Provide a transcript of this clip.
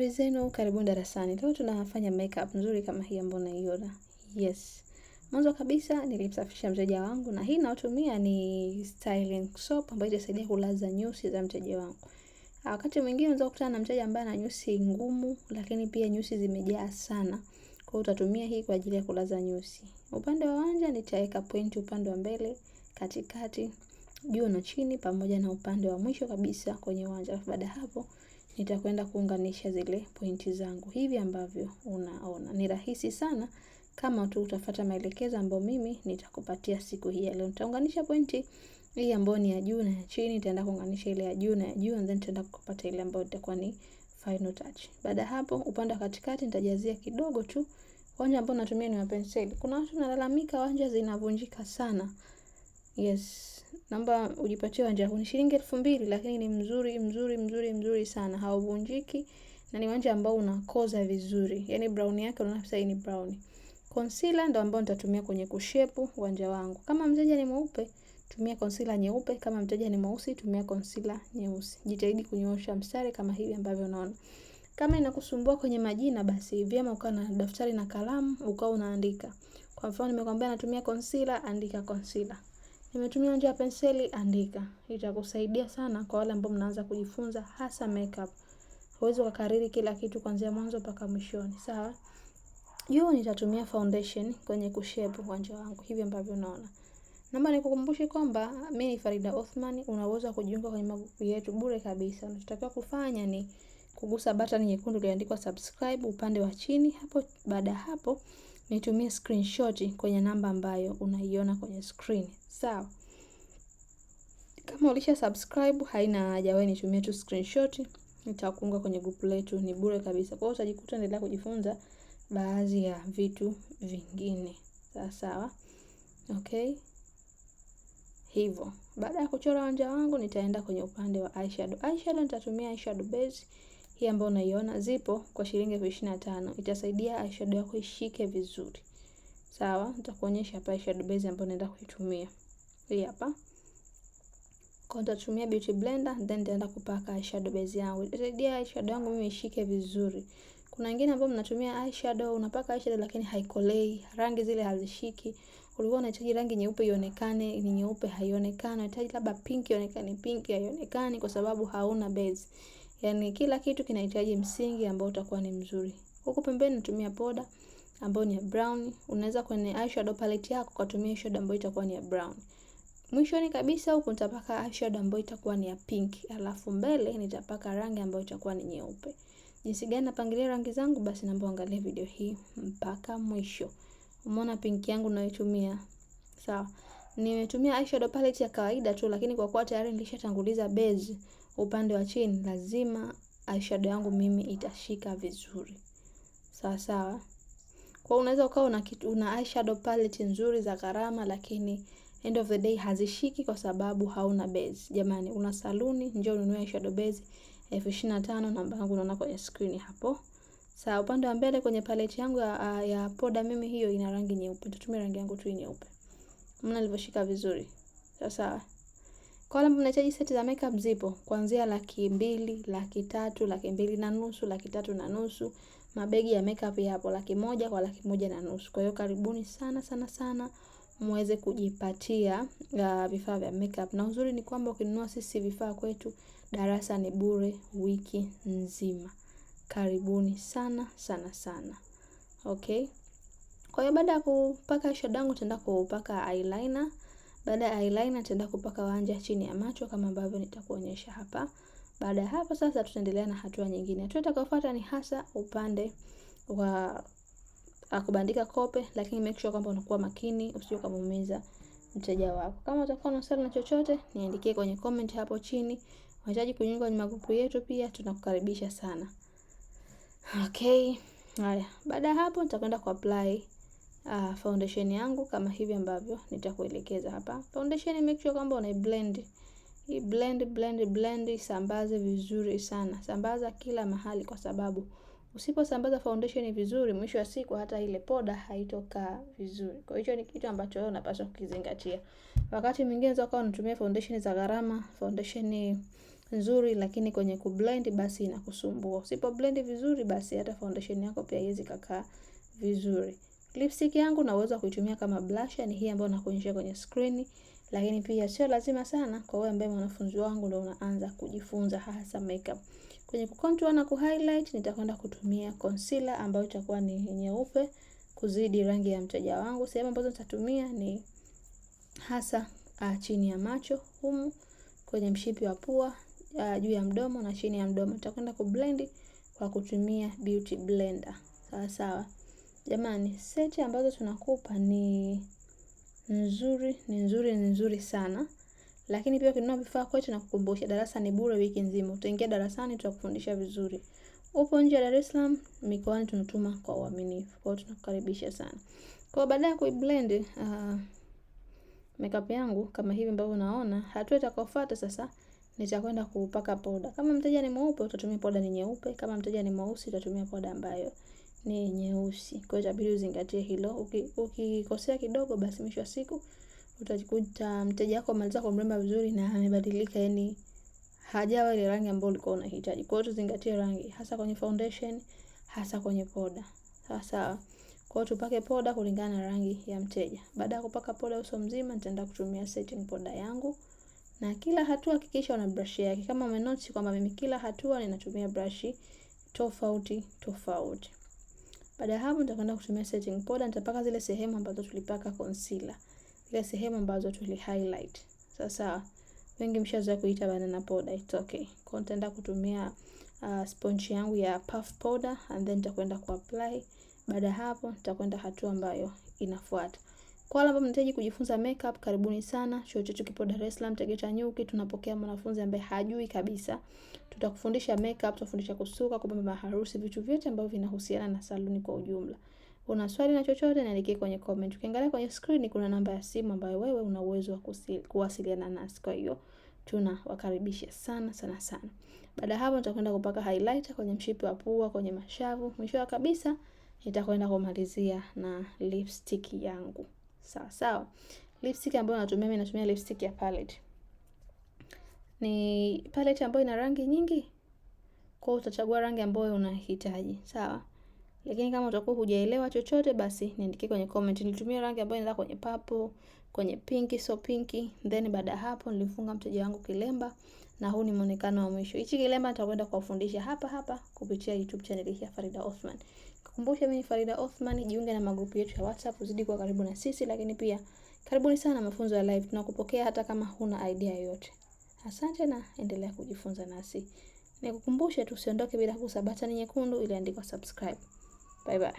Habari zenu, karibuni darasani. Leo tunafanya makeup nzuri kama hii ambayo unaiona. Yes. Mwanzo kabisa nilimsafisha mteja wangu na hii naotumia ni styling soap ambayo itasaidia kulaza nyusi za mteja wangu. Ah, wakati mwingine unaweza kukutana na mteja ambaye ana nyusi ngumu, lakini pia nyusi zimejaa sana. Kwa hiyo utatumia hii kwa ajili ya kulaza nyusi. Upande wa wanja nitaweka point upande wa mbele, katikati, juu na chini pamoja na upande wa mwisho kabisa kwenye wanja. Baada hapo nitakwenda kuunganisha zile pointi zangu hivi ambavyo unaona. Ni rahisi sana kama tu utafata maelekezo ambayo mimi nitakupatia siku hii ya leo. Nitaunganisha pointi hii ambayo ni ya juu na ya chini, nitaenda kuunganisha ile ya juu na ya juu, and then nitaenda kupata ile ambayo itakuwa ni final touch. Baada hapo, upande wa katikati nitajazia kidogo tu. Wanja ambao natumia ni wa penseli. Kuna watu nalalamika wanja zinavunjika sana. Yes, namba ujipatie wanja huu. Ni shilingi elfu mbili lakini ni mzuri mzuri mzuri mzuri sana, hauvunjiki na ni wanja ambao unakoza vizuri, yaani brown yake unaona sasa, hii ni brown. Concealer ndo ambao nitatumia kwenye kushepu wanja wangu. Kama mteja ni mweupe, tumia concealer nyeupe. Kama mteja ni mweusi, tumia concealer nyeusi. Jitahidi kunyoosha mstari kama hivi ambavyo unaona. Kama inakusumbua kwenye majina, basi vyema ukawa na daftari na kalamu, ukawa unaandika. Kwa mfano, nimekwambia natumia concealer, andika concealer. Nimetumia njia ya penseli andika. Itakusaidia sana kwa wale ambao mnaanza kujifunza hasa makeup. Huwezi ukakariri kila kitu kuanzia mwanzo mpaka mwishoni, sawa? Juu nitatumia foundation kwenye kushape wanja wangu hivi ambavyo unaona. Naomba nikukumbushe kwamba mimi ni Farida Othman, una uwezo wa kujiunga kwenye magrupu yetu bure kabisa. Unachotakiwa kufanya ni kugusa button nyekundu iliyoandikwa subscribe upande wa chini hapo. Baada hapo nitumie screenshot kwenye namba ambayo unaiona kwenye screen. Sawa. Kama ulisha subscribe haina haja, wewe nitumie tu screenshot, nitakuunga kwenye group letu, ni bure kabisa. Kwa hiyo utajikuta endelea kujifunza baadhi ya vitu vingine. Sawa sawa. Okay. Hivyo, baada ya kuchora wanja wangu nitaenda kwenye upande wa eyeshadow. Eyeshadow nitatumia eyeshadow base hii ambayo unaiona zipo kwa shilingi elfu ishirini na tano. Itasaidia eyeshadow yako ishike vizuri. Sawa, nitakuonyesha hapa eyeshadow base ambayo naenda kuitumia. Hii hapa. Kwa nitatumia beauty blender then nitaenda kupaka eyeshadow base yangu. Itasaidia eyeshadow yangu mimi ishike vizuri. Kuna wengine ambao mnatumia eyeshadow, unapaka eyeshadow lakini haikolei, rangi zile hazishiki. Ulikuwa unahitaji rangi nyeupe ionekane ni nyeupe, haionekani. Unahitaji labda pink ionekane pink, haionekani kwa sababu hauna base. Yaani kila kitu kinahitaji msingi ambao utakuwa ni mzuri. Huku pembeni natumia poda ambayo ni ya brown. Unaweza kwenye eyeshadow palette yako ukatumia shade ambayo itakuwa ni ya brown. Mwishoni kabisa huku nitapaka eyeshadow ambayo itakuwa ni ya pink. Alafu mbele nitapaka rangi ambayo itakuwa ni nyeupe. Jinsi gani napangilia rangi zangu basi naomba uangalie video hii mpaka mwisho. Umeona pink yangu ninayoitumia? Sawa. Nimetumia eyeshadow palette ya kawaida tu lakini kwa kuwa tayari nilishatanguliza base upande wa chini lazima eyeshadow yangu mimi itashika vizuri sawa sawa. Kwa unaweza ukawa una kitu una eyeshadow palette nzuri za gharama, lakini end of the day hazishiki kwa sababu hauna base. Jamani, una saluni, njoo ununue eyeshadow base elfu ishirini na tano. Namba yangu unaona kwenye screen hapo. Sasa upande wa mbele kwenye palette yangu ya, ya poda mimi hiyo ina rangi nyeupe. Tutumie rangi yangu tu nyeupe. Mna alivyoshika vizuri. Sawa sawa. Kwa wale ambao mnahitaji seti za makeup zipo kuanzia laki mbili, laki tatu, laki mbili na nusu, laki tatu na nusu. Mabegi ya makeup yapo laki moja kwa laki moja na nusu. Kwa hiyo karibuni sana sana sana muweze kujipatia uh, vifaa vya makeup. Na uzuri ni kwamba ukinunua sisi vifaa kwetu darasa ni bure wiki nzima. Karibuni sana sana sana. Okay? Kwa hiyo baada ya kupaka shadow yangu kupaka eyeliner. Baada ya eyeliner nitaenda kupaka wanja chini ya macho kama ambavyo nitakuonyesha hapa. Baada ya hapo sasa tutaendelea na hatua nyingine. Hatua itakayofuata ni hasa upande wa akubandika kope, lakini make sure kwamba unakuwa makini usije kumuumiza mteja wako. Kama utakuwa na swali na chochote, niandikie kwenye comment hapo chini. Unahitaji kujiunga kwenye magrupu yetu pia, tunakukaribisha sana. Okay. Haya, baada ya hapo nitakwenda ku apply uh, foundation yangu kama hivi ambavyo nitakuelekeza hapa. Foundation make sure kwamba una blend hii, blend blend blend, isambaze vizuri sana, sambaza kila mahali, kwa sababu usiposambaza foundation vizuri, mwisho wa siku hata ile poda haitokaa vizuri. Kwa hiyo ni kitu ambacho wewe unapaswa kukizingatia. Wakati mwingine unaweza kuwa unatumia foundation za gharama, foundation nzuri, lakini kwenye kublend basi inakusumbua. Usipo blend vizuri, basi hata foundation yako pia haiwezi kukaa vizuri. Lipstick yangu naweza kuitumia kama blusher, ni hii ambayo nakuonyesha kwenye screen, lakini pia sio lazima sana kwa wewe ambaye mwanafunzi wangu ndio unaanza kujifunza hasa makeup. Kwenye kucontour na kuhighlight nitakwenda kutumia concealer ambayo itakuwa ni nyeupe kuzidi rangi ya mteja wangu. Sehemu ambazo nitatumia ni hasa uh, chini ya macho humu kwenye mshipi wa pua uh, juu ya mdomo na chini ya mdomo. Nitakwenda kublend kwa kutumia beauty blender. Sawa sawa. Jamani, seti ambazo tunakupa ni nzuri, ni nzuri, ni nzuri sana. Lakini pia ukinunua vifaa kwetu na kukumbusha, darasa ni bure wiki nzima. Utaingia darasani, tutakufundisha vizuri. Upo nje ya Dar es Salaam, mikoani tunatuma kwa uaminifu. Kwa hiyo tunakukaribisha sana. Kwa baada ya kuiblend uh, makeup yangu kama hivi ambavyo unaona, hatua itakayofuata sasa nitakwenda kupaka poda. Kama mteja ni mweupe utatumia poda ni nyeupe, kama mteja ni mweusi utatumia poda ambayo ni nyeusi. Kwa hiyo itabidi uzingatie hilo. Ukikosea uki kidogo, basi mwisho wa siku utajikuta mteja wako amaliza kumremba vizuri na amebadilika, yani hajawa ile rangi ambayo ulikuwa unahitaji. Kwa hiyo tuzingatie rangi, hasa kwenye foundation, hasa kwenye poda. Sasa Kwa hiyo tupake poda kulingana na rangi ya mteja. Baada ya kupaka poda uso mzima, nitaenda kutumia setting poda yangu. Na kila hatua hakikisha una brush yake. Kama umenoti kwamba mimi kila hatua ninatumia brush tofauti tofauti. Baada ya hapo nitakwenda kutumia setting powder, nitapaka zile sehemu ambazo tulipaka concealer, zile sehemu ambazo tuli highlight. Sasa wengi mshazoea kuita banana powder, it's okay. Kwa nitaenda kutumia uh, sponge yangu ya puff powder and then nitakwenda ku apply. Baada ya hapo nitakwenda hatua ambayo inafuata. Kwa wale ambao mnahitaji kujifunza makeup, karibuni sana. Chuo chetu kipo Dar es Salaam Tegeta Nyuki. Tunapokea mwanafunzi ambaye hajui kabisa, tutakufundisha makeup, tutafundisha kusuka, kupamba maharusi, vitu vyote ambavyo vinahusiana na saluni kwa ujumla. Una swali na chochote, niandikie kwenye comment. Ukiangalia kwenye screen kuna namba ya simu ambayo wewe una uwezo wa kuwasiliana nasi. Kwa hiyo tunawakaribisha sana sana sana. Baada hapo nitakwenda kupaka highlighter kwenye mshipi wa pua, kwenye mashavu. Mwisho kabisa nitakwenda kumalizia na lipstick yangu sawa sawa. Lipstick ambayo natumia mimi natumia lipstick ya palette. Ni palette ambayo ina rangi nyingi, kwa utachagua rangi ambayo unahitaji sawa. Lakini kama utakuwa hujaelewa chochote, basi niandikie kwenye comment. Nilitumia rangi ambayo inaenda kwenye purple, kwenye pinki, so pinki. Then baada hapo nilifunga mteja wangu kilemba, na huu ni muonekano wa mwisho. Hichi kilemba nitakwenda kuwafundisha hapa hapa kupitia YouTube channel ya Farida Othman. Kukumbusha, mimi Farida Othman, jiunge na magrupu yetu ya WhatsApp uzidi kuwa karibu na sisi, lakini pia karibuni sana mafunzo ya live, tunakupokea hata kama huna idea yoyote. Asante na endelea kujifunza nasi. Nikukumbushe tu usiondoke bila kugusa batani nyekundu iliyoandikwa subscribe. Bye bye.